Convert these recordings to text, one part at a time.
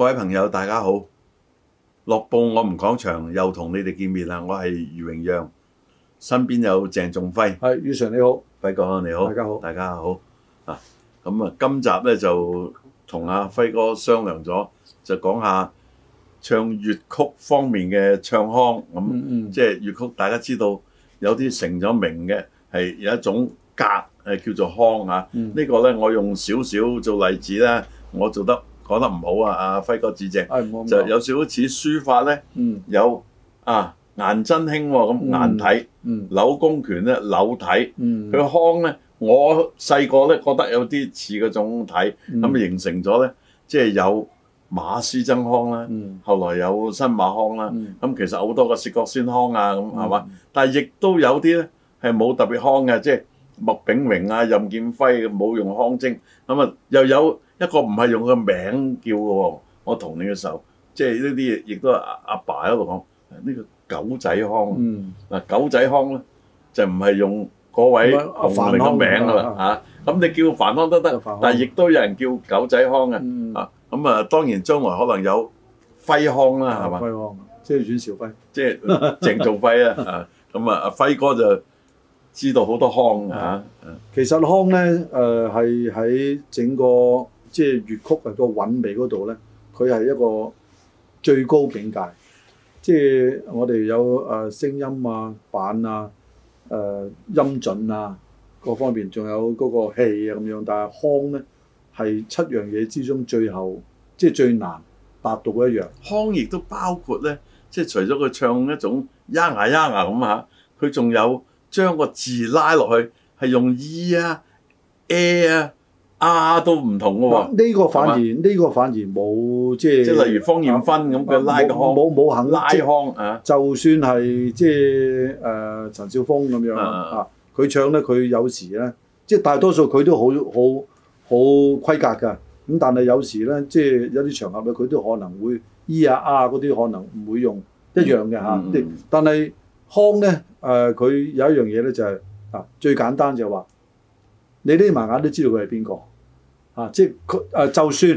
.各位朋友，大家好！樂報我哋講場，又同你哋見面啦。我係余榮陽，身邊有鄭仲輝。係，余常你好，輝哥你好，大家好，大家好啊！咁啊，今集咧就同阿輝哥商量咗，就講下唱粵曲方面嘅唱腔咁。即係粵曲，大家知道有啲成咗名嘅係有一種格，誒叫做腔、嗯、啊。嗯、這個。呢個咧，我用少少做例子啦。我做得。講得唔好啊！阿輝哥指正，哎、就有少少似書法咧，嗯、有啊顏真卿咁顏體，柳、嗯嗯、公權咧柳體，佢、嗯、腔咧，我細個咧覺得有啲似嗰種體，咁啊、嗯、形成咗咧，即、就、係、是、有馬師曾腔啦，嗯、後來有新馬腔啦，咁、嗯、其實好多個薛覺先腔啊咁，係嘛？但係亦都有啲咧係冇特別腔嘅，即係麥炳榮啊、任劍輝咁冇用腔精，咁啊又有。一個唔係用個名叫嘅，我同你嘅時候，即係呢啲亦都係阿阿爸喺度講，呢、這個狗仔腔、嗯、啊，狗仔腔咧就唔係用個位阿埋另個名噶啦嚇，咁、啊啊、你叫樊腔都得，康但係亦都有人叫狗仔腔嘅啊，咁、嗯、啊，啊當然將來可能有輝腔啦，係嘛？輝腔即係阮兆輝，即係鄭造輝啊，咁 啊阿輝哥就知道好多腔啊，其實腔咧誒係喺整個。即係粵曲係個韻味嗰度咧，佢係一個最高境界。即係我哋有誒聲音啊、板啊、誒、呃、音準啊各方面，仲有嗰個氣啊咁樣。但係腔咧係七樣嘢之中最後，即係最難達到的一樣。腔亦都包括咧，即係除咗佢唱一種「呀牙呀牙」咁嚇，佢仲有將個字拉落去，係用 E 啊、A、欸、啊。啊，都唔同嘅喎！呢個反而呢個反而冇即係，即係例如方艷芬咁，佢拉冇冇冇肯拉腔啊！就算係即係誒陳少峰咁樣啊，佢唱咧佢有時咧，即係大多數佢都好好好規格㗎。咁但係有時咧，即係有啲場合咧，佢都可能會咿啊啊嗰啲可能唔會用一樣嘅嚇。但係腔咧誒，佢有一樣嘢咧就係啊，最簡單就係話你啲麻眼都知道佢係邊個。啊！即係佢、啊、就算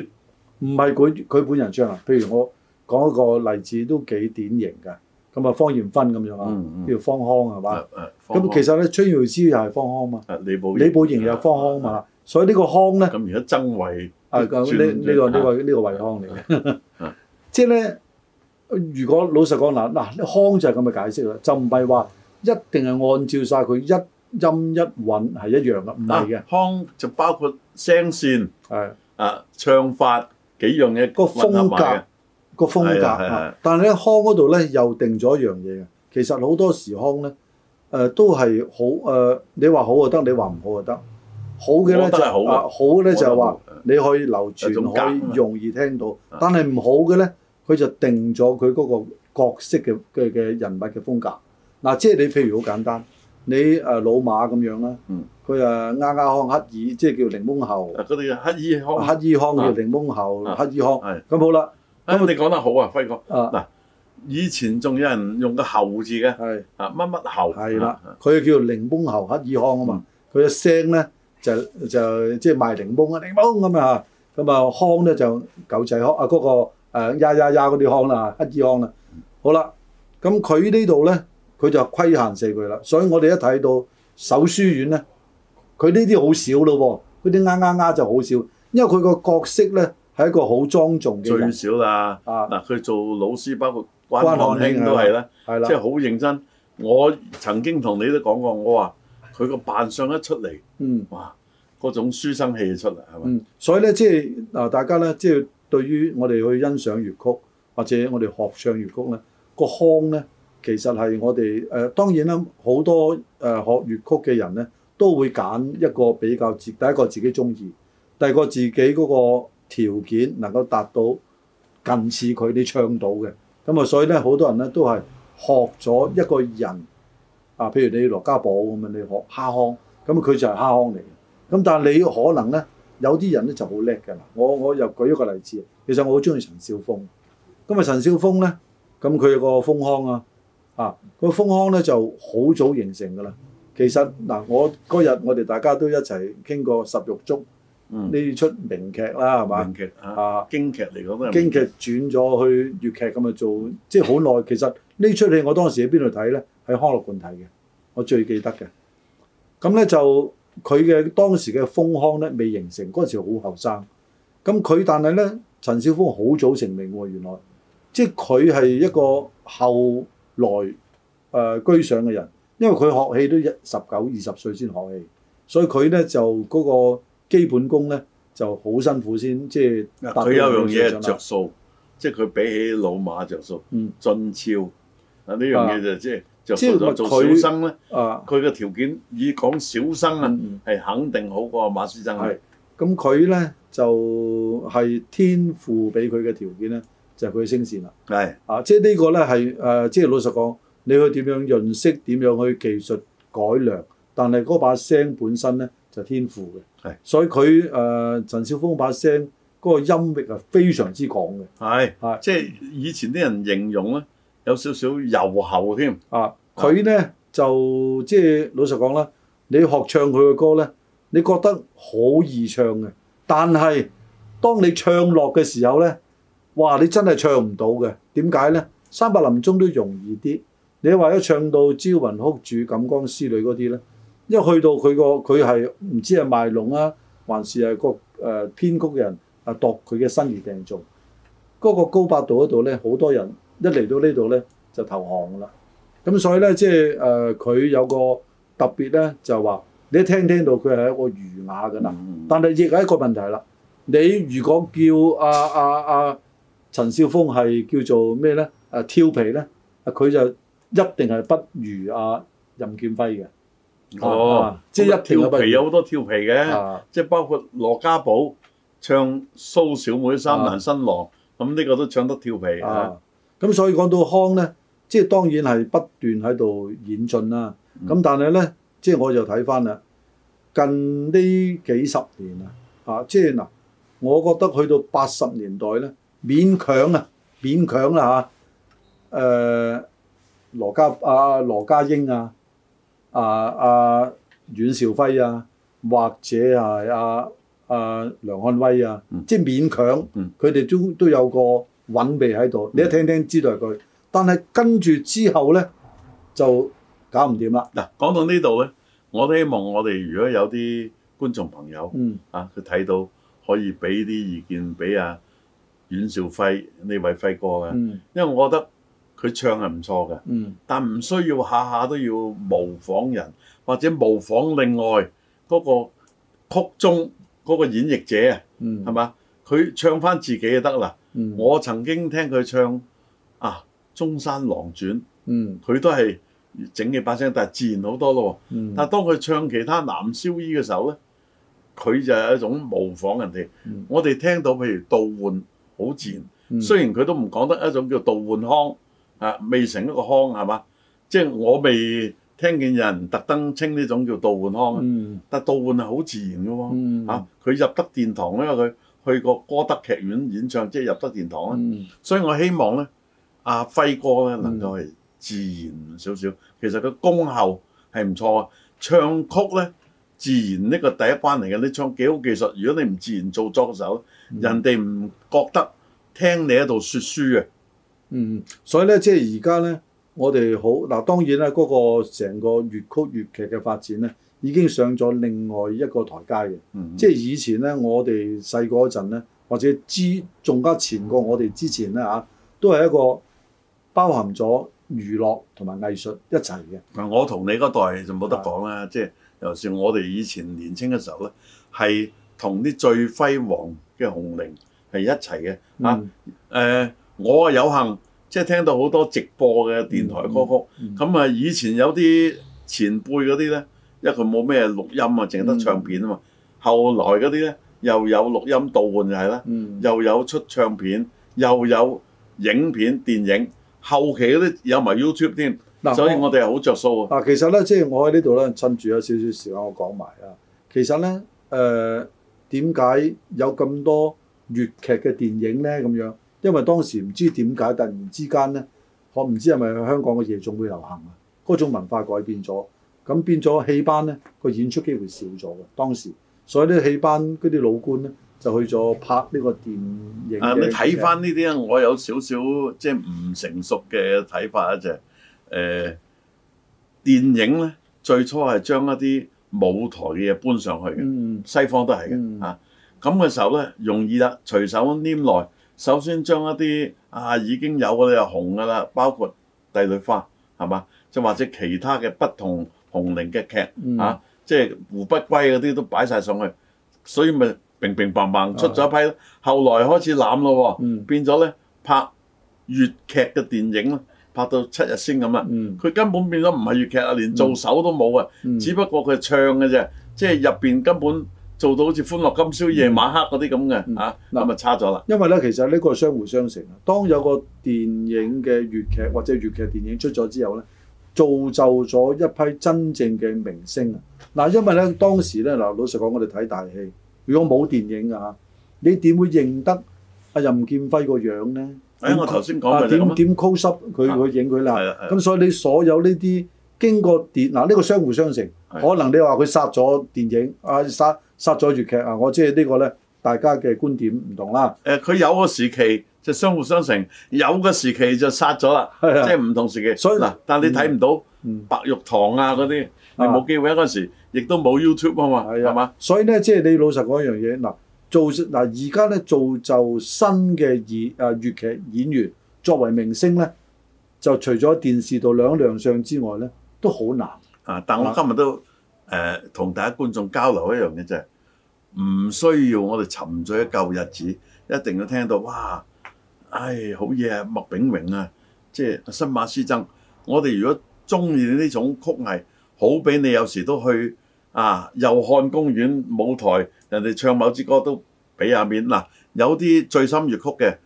唔係佢佢本人唱啊，譬如我講一個例子都幾典型嘅。咁、嗯嗯、啊，芳艷芬咁樣啊，叫芳，芳，芳腔係嘛？咁其實咧，崔妙芝又係芳腔啊嘛。李寶，李寶瑩又係芳腔啊嘛。啊所以呢個腔咧咁，而家曾慧誒呢呢個呢、這個呢、啊、個慧、這個、腔嚟嘅。即係咧，如果老實講嗱嗱，呢、啊、腔就係咁嘅解釋啦，就唔係話一定係按照晒佢一音一韻係一樣嘅，唔係嘅。腔就包括。聲線係啊，唱法幾樣嘢，個風格個風格，個風格係係。但係咧腔嗰度咧又定咗一樣嘢嘅。其實好多時腔咧，誒、呃、都係好誒、呃，你話好就得，你話唔好就得。好嘅咧就話好嘅咧就係話你可以流傳，可以、uh, 容易聽到。Uh, 但係唔好嘅咧，佢就定咗佢嗰個角色嘅嘅嘅人物嘅風格。嗱、啊，即係你譬如好簡單。你誒老馬咁樣啦，佢誒啞啞腔黑耳，即係叫檸檬喉。啊，嗰啲叫黑耳腔。黑耳腔叫檸檬喉，啊、黑耳腔。咁是好啦，咁、哎、那我哋講得好啊，輝哥。啊，嗱，以前仲有人用個喉字嘅，係啊乜乜喉。係啦，佢叫檸檬喉黑耳腔啊嘛，佢嘅、嗯、聲咧就就即係、就是、賣檸檬啊檸檬咁啊，咁啊腔咧就狗仔腔啊、那個、啊啊啊啊腔啊嗰個呀呀呀嗰啲腔啦、啊，黑耳腔啦。好啦，咁佢呢度咧。佢就規限四句啦，所以我哋一睇到守書院咧，佢呢啲好少咯喎，嗰啲啱啱啱就好少，因為佢個角色咧係一個好莊重嘅人。最少啦，嗱佢、啊、做老師，包括關漢卿關 慶都係啦，即係好認真。我曾經同你都講過，我話佢個扮相一出嚟，的哇，嗰種書生氣出嚟，係咪、嗯？所以咧，即係嗱，大家咧，即、就、係、是、對於我哋去欣賞粵曲或者我哋學唱粵曲咧，個腔咧。其實係我哋誒、呃、當然啦，好多誒、呃、學粵曲嘅人呢，都會揀一個比較自第一個自己中意，第二個自己嗰個條件能夠達到近似佢哋唱到嘅。咁啊，所以呢，好多人呢都係學咗一個人啊，譬如你羅家寶咁樣，你學蝦腔咁佢就係蝦腔嚟嘅。咁但係你可能呢，有啲人呢就好叻㗎啦。我我又舉一個例子，其實我好中意陳笑風。咁啊，陳笑風呢，咁佢個風腔啊～啊！個豐腔咧就好早形成㗎啦。其實嗱、啊，我嗰日我哋大家都一齊傾過《十玉足》呢、嗯、出名劇啦，係嘛？名劇吧啊，經劇嚟講，經劇，劇轉咗去粵劇咁啊做，即係好耐。其實呢出戲我當時喺邊度睇咧？喺康樂館睇嘅，我最記得嘅。咁咧就佢嘅當時嘅豐腔咧未形成，嗰陣時好後生。咁佢但係咧，陳小峰好早成名喎，原來即係佢係一個後。嗯來誒、呃、居上嘅人，因為佢學戲都一十九二十歲先學戲，所以佢咧就嗰個基本功咧就好辛苦先，即係。佢有樣嘢着數，即係佢比起老馬着數，嗯、俊俏啊呢樣嘢就即係。小生話佢，佢嘅、啊、條件以講小生啊，係肯定好過馬師曾係。咁佢咧就係天賦俾佢嘅條件咧。就係佢聲線啦，係是啊，即係呢個咧係誒，即、呃、係、就是、老實講，你去點樣潤色，點樣去技術改良，但係嗰把聲本身咧就是、天賦嘅，係是，所以佢誒、呃、陳笑風把聲嗰、那個音域係非常之廣嘅，係啊是，即係是以前啲人形容咧有少少幼厚添，啊，佢咧是就即係、就是、老實講啦，你學唱佢嘅歌咧，你覺得好易唱嘅，但係當你唱落嘅時候咧。哇！你真係唱唔到嘅，點解呢？三百林中都容易啲，你話一唱到朝雲哭主、錦江思女嗰啲呢，因為去到佢個佢係唔知係賣弄啊，還是係個誒編曲嘅人啊度佢嘅身而訂做。嗰、嗰個高八度嗰度呢，好多人一嚟到呢度呢就投降啦。咁所以呢，即係誒佢有個特別呢，就話話你一聽聽到佢係一個瑜雅㗎啦，嗯、但係亦係一個問題啦。你如果叫阿阿阿，啊啊啊陳少峰係叫做咩咧？誒、啊、跳皮咧，佢、啊、就一定係不如阿、啊、任建輝任劍輝嘅、啊。哦，即係、啊就是啊、跳皮有好多跳皮嘅，即係、啊啊、包括羅家寶唱《蘇小妹三難新郎》，咁呢、啊、個都唱得跳皮啊。咁、啊啊、所以講到腔咧，即、就、係、是、當然係不斷喺度演進啦、啊。咁、嗯、但係咧，即、就、係、是、我就睇翻啦，近呢幾十年啊，啊即係嗱，我覺得去到八十年代咧。勉強啊，勉強啦、啊、嚇！誒、呃、羅家啊羅家英啊啊啊阮兆輝啊，或者係阿阿梁漢威啊，嗯、即係勉強，佢哋、嗯、都都有個韻味喺度。你一聽聽知道係佢，但係跟住之後咧就搞唔掂啦。嗱，講到呢度咧，我都希望我哋如果有啲觀眾朋友、嗯、啊，佢睇到可以俾啲意見俾啊。阮兆輝呢位輝哥嘅，嗯、因為我覺得佢唱係唔錯嘅，嗯、但唔需要下下都要模仿人或者模仿另外嗰個曲中嗰個演繹者啊，係嘛、嗯？佢唱翻自己就得啦。嗯、我曾經聽佢唱《啊中山狼傳》嗯，佢都係整嘅把聲，但係自然好多咯。嗯、但當佢唱其他男燒衣嘅時候呢，佢就係一種模仿人哋。嗯、我哋聽到譬如杜煥。好自然，雖然佢都唔講得一種叫倒換腔，啊，未成一個腔係嘛，即係我未聽見有人特登稱呢種叫倒換腔，嗯、但倒換係好自然嘅喎、啊，佢、嗯啊、入得殿堂，因為佢去過歌德劇院演唱，即係入得殿堂啊，嗯、所以我希望咧，阿、啊、輝哥咧能夠係自然少少，嗯、其實佢功效係唔錯啊，唱曲咧。自然呢、這個第一關嚟嘅，呢唱幾好技術。如果你唔自然做作手，mm hmm. 人哋唔覺得聽你喺度說書嘅。嗯、mm，hmm. 所以咧，即係而家咧，我哋好嗱，當然咧嗰、那個成個粵曲粵劇嘅發展咧，已經上咗另外一個台階嘅。Mm hmm. 即係以前咧，我哋細個嗰陣咧，或者知仲加前過我哋之前咧嚇、啊，都係一個包含咗娛樂同埋藝術一齊嘅。嗱，我同你嗰代就冇得講啦，的即係。就算我哋以前年青嘅時候呢，係同啲最輝煌嘅紅伶係一齊嘅、嗯、啊！誒、呃，我啊有幸即係聽到好多直播嘅電台歌曲。咁啊、嗯，嗯、以前有啲前輩嗰啲呢，因為佢冇咩錄音啊，淨係得唱片啊嘛。嗯、後來嗰啲呢，又有錄音導換就係啦，嗯、又有出唱片，又有影片、電影，後期嗰啲有埋 YouTube 添。嗱，啊、所以我哋好着數啊！其實咧，即係我喺呢度咧，趁住有少少時間，我講埋啊。其實咧，誒點解有咁多粵劇嘅電影咧？咁樣，因為當時唔知點解突然之間咧，我唔知係咪香港嘅夜總會流行啊？嗰種文化改變咗，咁變咗戲班咧個演出機會少咗嘅。當時，所以啲戲班嗰啲老倌咧，就去咗拍呢個電影、啊。你睇翻呢啲啊，我有少少即係唔成熟嘅睇法一啫～誒、呃、電影咧，最初係將一啲舞台嘅嘢搬上去嘅，嗯、西方都係嘅，咁嘅時候咧，容易啦，隨手拈來。首先將一啲啊已經有嘅咧紅㗎啦，包括帝女花係嘛，即或者其他嘅不同紅伶嘅劇，即係胡不歸嗰啲都擺晒上去，所以咪乒乒乓乓出咗一批。嗯、後來開始攬咯，嗯、變咗咧拍粵劇嘅電影。拍到七日先咁啊！佢、嗯、根本變咗唔係粵劇啊，連做手都冇啊！嗯、只不過佢係唱嘅啫，嗯、即係入邊根本做到好似《歡樂今宵》夜晚黑嗰啲咁嘅嚇，嗱咪差咗啦。因為咧，其實呢個係相互相成啊。當有個電影嘅粵劇或者粵劇電影出咗之後咧，造就咗一批真正嘅明星啊！嗱，因為咧當時咧嗱，老實講，我哋睇大戲，如果冇電影嘅嚇，你點會認得阿任劍輝個樣咧？誒、哎，我頭先講佢點點高濕，佢佢影佢啦。咁、啊、所以你所有呢啲經過跌，嗱、啊、呢、呢個相互相成。的可能你話佢殺咗電影，啊殺殺咗粵劇啊，我知呢個咧，大家嘅觀點唔同啦。誒、啊，佢有個時期就相互相成，有個時期就殺咗啦，即係唔同時期。所以嗱、啊，但你睇唔到白玉堂啊嗰啲，嗯、你冇機會嗰、嗰個、時也沒有 Tube, 的，亦都冇 YouTube 啊嘛，係嘛吧？所以咧，即、就、係、是、你老實講一樣嘢嗱。啊現在做嗱，而家咧造就新嘅演誒粵劇演員作為明星咧，就除咗電視度兩亮，亮相之外咧，都好難。啊！但我今日都誒同吧、呃、大家觀眾交流一樣嘢，就係唔需要我哋沉醉喺舊日子，一定要聽到哇！唉、哎，好嘢啊！麥炳榮啊，即係新馬師曾。我哋如果中意呢種曲藝，好畀你有時都去。啊！遊漢公園舞台，人哋唱某支歌都俾下面嗱、啊，有啲醉心粵曲嘅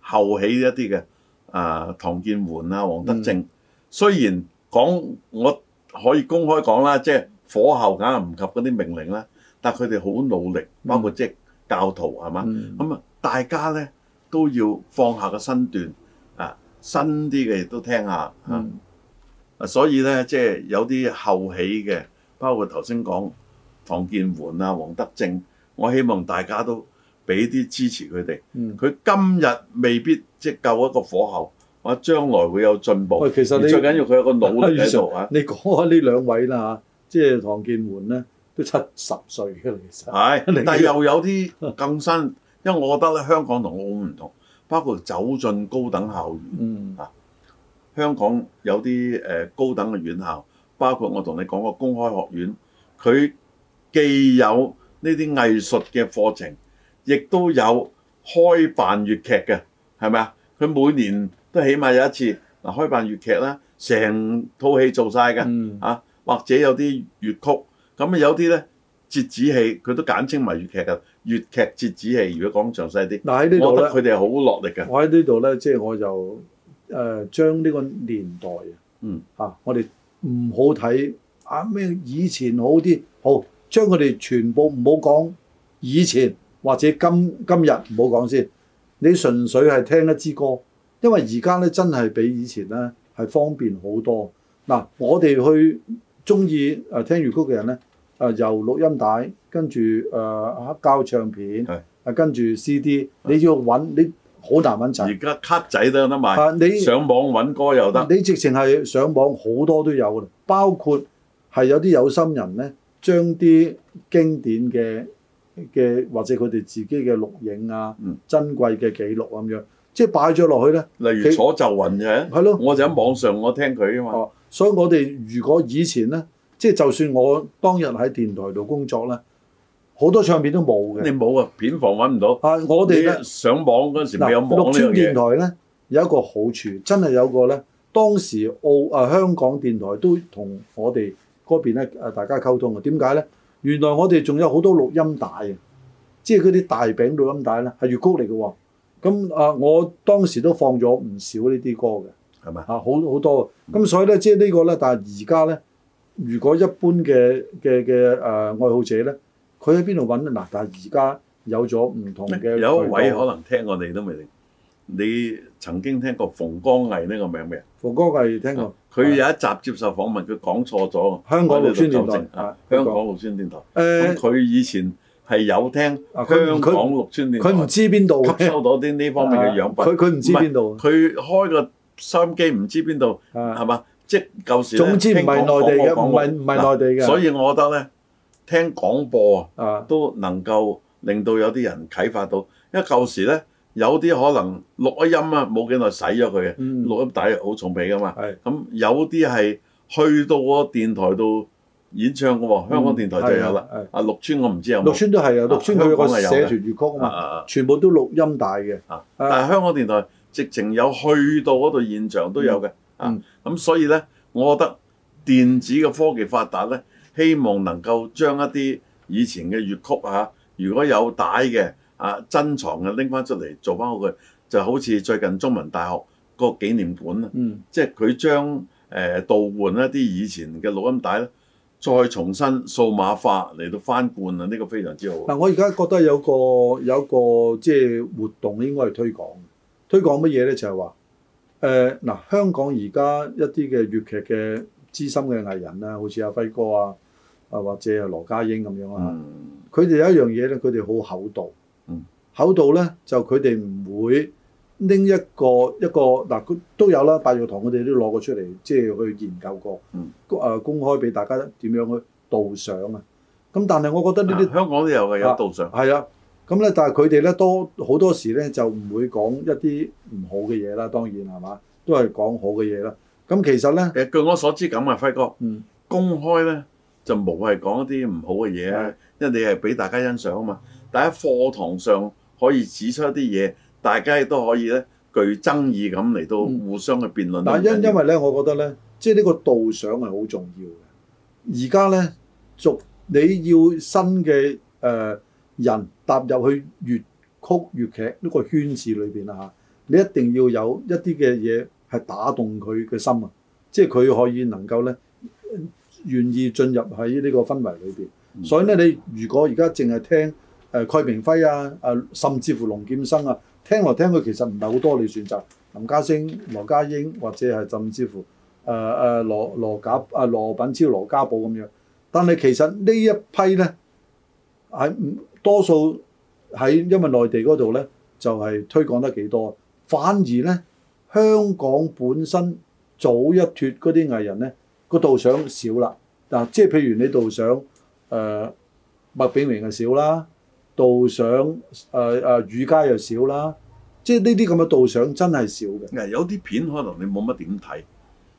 後起一啲嘅，啊，唐建桓啊，黃德正，嗯、雖然講我可以公開講啦，即、就、係、是、火候梗係唔及嗰啲名伶啦，但佢哋好努力，包括即係教徒係嘛，咁啊，大家咧都要放下個身段啊，新啲嘅亦都聽下、嗯啊、所以咧即係有啲後起嘅。包括頭先講唐健垣啊、黃德正，我希望大家都俾啲支持佢哋。佢、嗯、今日未必即係夠一個火候，我將來會有進步。其實你最緊要佢有個腦喺度啊！Sir，你講下呢兩位啦，即係唐健垣咧都七十歲嘅其實，是你但係又有啲更新，因為我覺得咧香港同澳門唔同，包括走進高等校園。嗯、啊，香港有啲誒高等嘅院校。包括我同你講過公開學院，佢既有呢啲藝術嘅課程，亦都有開辦粵劇嘅，係咪啊？佢每年都起碼有一次嗱，開辦粵劇啦，成套戲做晒嘅，啊，或者有啲粵曲，咁啊有啲咧折子戲，佢都簡稱埋粵劇嘅，粵劇折子戲。如果講詳細啲，我覺得佢哋係好落力嘅。我喺呢度咧，即係我就誒將呢個年代，嗯啊，我哋。唔好睇啊！咩以前好啲，好將佢哋全部唔好講以前或者今今日唔好講先。你純粹係聽一支歌，因為而家咧真係比以前咧係方便好多。嗱，我哋去中意誒聽粵曲嘅人咧、呃，由錄音帶跟住誒黑膠唱片，係啊跟住 C D，你要揾係你。好難揾齊，而家 cut 仔都有得賣，你上網揾歌又得。你直情係上網好多都有㗎啦，包括係有啲有心人咧，將啲經典嘅嘅或者佢哋自己嘅錄影啊、嗯、珍貴嘅記錄咁樣，即係擺咗落去咧。例如坐就雲楚岫雲嘅，係咯其，的我就喺網上我聽佢㗎嘛的。所以我哋如果以前咧，即係就算我當日喺電台度工作咧。好多唱片都冇嘅，你冇啊！片房揾唔到啊！我哋上網嗰時未有網呢。六川電台咧有一個好處，真係有個咧。當時澳啊香港電台都同我哋嗰邊咧、啊、大家溝通嘅。點解咧？原來我哋仲有好多錄音帶，即係嗰啲大餅錄音帶咧係粵曲嚟嘅喎。咁啊，我當時都放咗唔少呢啲歌嘅，係咪吧啊？好好多。咁所以咧，即係呢個咧，但係而家咧，如果一般嘅嘅嘅誒愛好者咧。佢喺邊度揾咧？嗱，但係而家有咗唔同嘅有一位可能聽過你都未，你曾經聽過馮光毅呢個名未？啊？馮光毅聽過。佢、啊、有一集接受訪問，佢講錯咗。香港六村電台，香港六村電台。誒，佢以前係有聽香港六村電台。佢唔、啊、知邊度，吸收到啲呢方面嘅養分。佢佢唔知邊度。佢開個收音機唔知邊度係嘛？即係舊時。總之唔係內地嘅，唔係唔係內地嘅、啊。所以我覺得咧。聽廣播啊，都能夠令到有啲人啟發到。因為舊時咧，有啲可能錄咗音啊，冇幾耐洗咗佢嘅錄音帶，好重皮噶嘛。咁是有啲係去到個電台度演唱嘅喎，香港電台就有啦。阿陸、嗯啊、川我唔知有冇。陸川都係有，陸川佢、啊、個社團粵曲啊嘛，全部都錄音帶嘅。啊是啊、但係香港電台直情有去到嗰度現場都有嘅。咁、嗯啊、所以咧，我覺得電子嘅科技發達咧。希望能夠將一啲以前嘅粵曲啊，如果有帶嘅啊，珍藏嘅拎翻出嚟做翻好佢，就好似最近中文大學個紀念館啊，嗯、即係佢將誒倒、呃、換一啲以前嘅錄音帶咧，再重新數碼化嚟到翻灌啊，呢、呢個非常之好。嗱、啊，我而家覺得有個有個即係活動應該係推廣，推廣乜嘢咧？就係話誒嗱，香港而家一啲嘅粵劇嘅資深嘅藝人咧，好似阿輝哥啊。啊，或者啊，羅家英咁樣啊，佢哋、嗯、有一樣嘢咧，佢哋好厚道。嗯、厚道咧，就佢哋唔會拎一個一個嗱、啊，都有啦，白玉堂佢哋都攞過出嚟，即、就、係、是、去研究過。嗯，誒、啊、公開俾大家點樣去導賞啊？咁但係我覺得呢啲、啊、香港都有嘅，有導賞係啊。咁咧、啊，但係佢哋咧多好多時咧就唔會講一啲唔好嘅嘢啦，當然係嘛，都係講好嘅嘢啦。咁其實咧，誒、啊、據我所知咁啊，輝哥，嗯，公開咧。就冇係講一啲唔好嘅嘢啊！是的 因為你係俾大家欣賞啊嘛，是的 大家課堂上可以指出一啲嘢，大家亦都可以咧具爭議咁嚟到互相嘅辯論、嗯。但因因為咧，我覺得咧，即係呢個導賞係好重要嘅。而家咧，逐你要新嘅人踏入去粵曲粵劇呢、呢個圈子裏面，啊，你一定要有一啲嘅嘢係打動佢嘅心啊，即係佢可以能夠咧。願意進入喺呢個氛圍裏邊，嗯、所以咧，你如果而家淨係聽誒蓋、呃、鳴暉啊、啊甚至乎龍劍笙啊，聽來聽去其實唔係好多你選擇。林家聲、羅家英或者係甚至乎誒誒羅羅家啊、羅品超、羅家寶咁樣，但係其實呢一批咧喺多數喺因為內地嗰度咧就係、是、推廣得幾多，反而咧香港本身早一脱嗰啲藝人咧。個導賞少啦，嗱，即係譬如你導賞，誒、呃、麥炳明又少啦，導賞誒誒雨佳又少啦，即係呢啲咁嘅導賞真係少嘅。嗱，有啲片可能你冇乜點睇，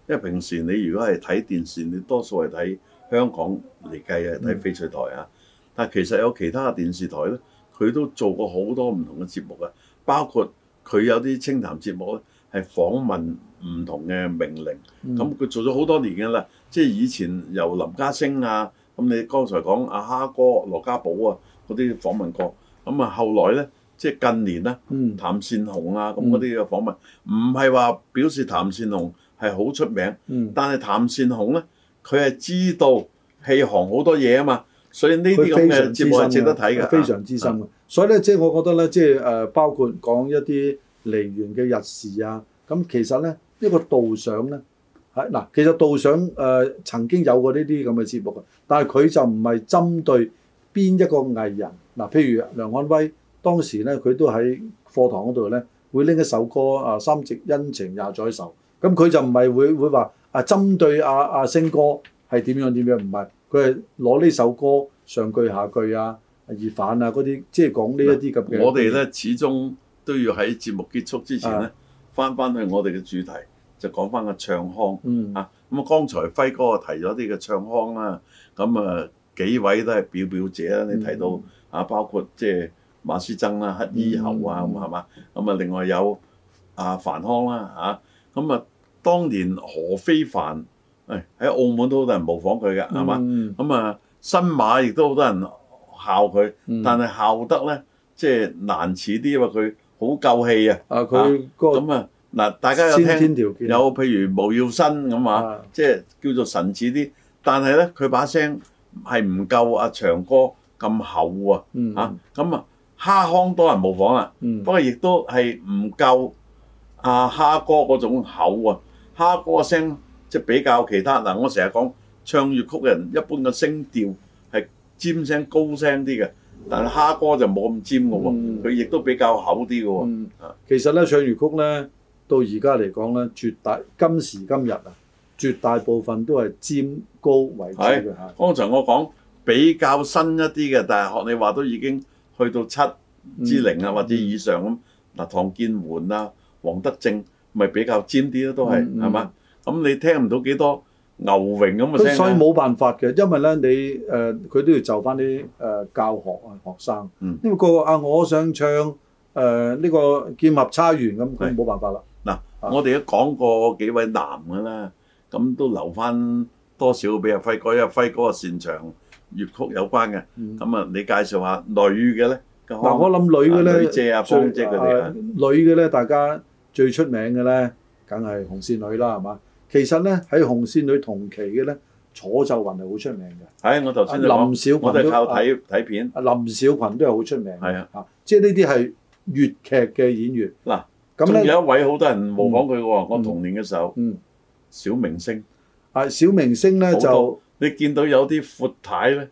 因為平時你如果係睇電視，你多數係睇香港嚟計啊，睇翡翠台啊，嗯、但係其實有其他嘅電視台咧，佢都做過好多唔同嘅節目啊，包括佢有啲清談節目咧，係訪問。唔同嘅命令，咁佢做咗好多年嘅啦。即以前由林家聲啊，咁你剛才講阿蝦哥、羅家寶啊嗰啲訪問過，咁啊後來咧，即係近年啦，譚、嗯、善紅啊咁嗰啲嘅訪問，唔係話表示譚善紅係好出名，嗯、但係譚善紅咧，佢係知道戲行好多嘢啊嘛，所以呢啲咁嘅節目係值得睇嘅，非常資深嘅。啊、所以咧，即我覺得咧，即包括講一啲梨園嘅日事啊，咁其實咧。一個導賞呢，係嗱，其實導賞誒曾經有過呢啲咁嘅節目嘅，但係佢就唔係針對邊一個藝人嗱，譬如梁漢威當時呢，佢都喺課堂嗰度呢，會拎一首歌啊《三夕恩情廿載愁》，咁佢就唔係會會話啊針對阿阿星哥係點樣點樣，唔係佢係攞呢首歌上句下句啊、乙反啊嗰啲，即係講呢一啲咁嘅。我哋呢，始終都要喺節目結束之前呢，翻翻去我哋嘅主題。就講翻個唱腔啊！咁、嗯、啊，剛才輝哥提咗啲嘅唱腔啦，咁啊幾位都係表表者啦。嗯、你提到啊，包括即係馬師曾啦、乞兒喉啊，咁係嘛？咁啊，另外有阿凡腔啦，啊咁啊，當年何非凡，誒、哎、喺澳門都好多人模仿佢㗎，係嘛？咁啊，新馬亦都好多人效佢，嗯、但係效得咧，即、就、係、是、難似啲喎。佢好夠氣啊！啊，佢咁他啊～那啊嗱，大家有聽條件有譬如毛耀新咁啊，即係叫做神似啲，但係咧佢把聲係唔夠阿、啊、長哥咁厚啊，啊咁、嗯、啊，蝦腔多人模仿啊，嗯、不過亦都係唔夠阿、啊、蝦哥嗰種厚啊，蝦、嗯、哥個聲即係比較其他嗱、啊，我成日講，唱粵曲嘅人一般嘅聲調係尖聲高聲啲嘅，但係蝦哥就冇咁尖嘅喎、啊，佢亦、嗯、都比較厚啲嘅喎，嗯嗯、其實咧唱粵曲咧。到而家嚟講咧，絕大今時今日啊，絕大部分都係尖高為主嘅嚇。剛才的的我講比較新一啲嘅，但係學你話都已經去到七之零啊，嗯、或者以上咁。嗱，唐建桓啊、黃德正咪比較尖啲咯，都係係嘛。咁你聽唔到幾多少牛榮咁嘅聲？所以冇辦法嘅，因為咧你誒佢都要就翻啲誒教學、啊學生。呢、嗯、為、那個啊，我想唱誒呢、呃這個劍合釵圓咁，佢冇辦法啦。 我哋都講過幾位男嘅啦，咁都留返多少俾阿輝哥。因為阿輝哥啊，擅長粵曲有關嘅。咁啊、嗯，你介紹下女嘅咧？嗱，我諗女嘅咧，女姐、最姐啊、芳姐嗰啲女嘅咧，大家最出名嘅咧，梗係紅線女啦，係嘛？其實咧，喺紅線女同期嘅咧，楚秀雲係好出名嘅。喺我頭先林講，我哋靠睇睇、啊、片、啊。林小群都係好出名的。係啊，啊，即係呢啲係粵劇嘅演員。嗱、啊。仲有一位好多人模仿佢嘅喎，我童年嘅時候《小明星》啊，《小明星》咧就你見到有啲闊太咧，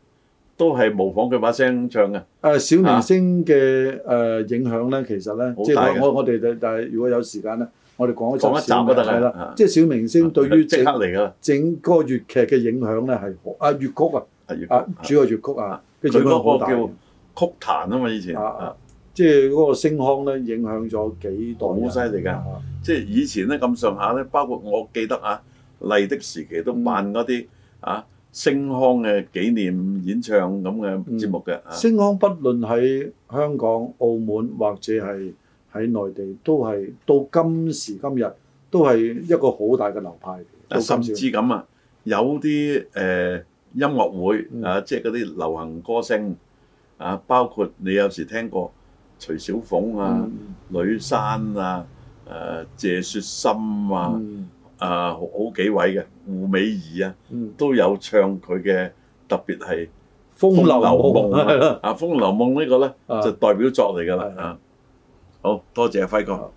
都係模仿佢把聲唱嘅。誒，《小明星》嘅誒影響咧，其實咧，即係我我我哋但係如果有時間咧，我哋講一集先，係啦，即係《小明星》對於整個粵劇嘅影響咧，係啊粵曲啊啊主要粵曲啊，佢嗰個叫曲壇啊嘛，以前即係嗰個聲腔咧，影響咗幾代好犀利㗎！即係以前咧咁上下咧，包括我記得啊，麗的時期都辦嗰啲啊聲腔嘅紀念演唱咁嘅節目嘅。聲腔不論喺香港、澳門或者係喺內地，都係到今時今日都係一個好大嘅流派。甚至咁啊，有啲誒音樂會啊，即係嗰啲流行歌星啊，包括你有時聽過，徐小鳳啊、呂珊啊、誒、呃、謝雪心啊、嗯、啊好，好幾位嘅胡美儀啊，嗯、都有唱佢嘅，特別係《風流夢》風流夢啊， 啊《風流夢》呢個咧就代表作嚟㗎啦啊！好多謝輝哥。啊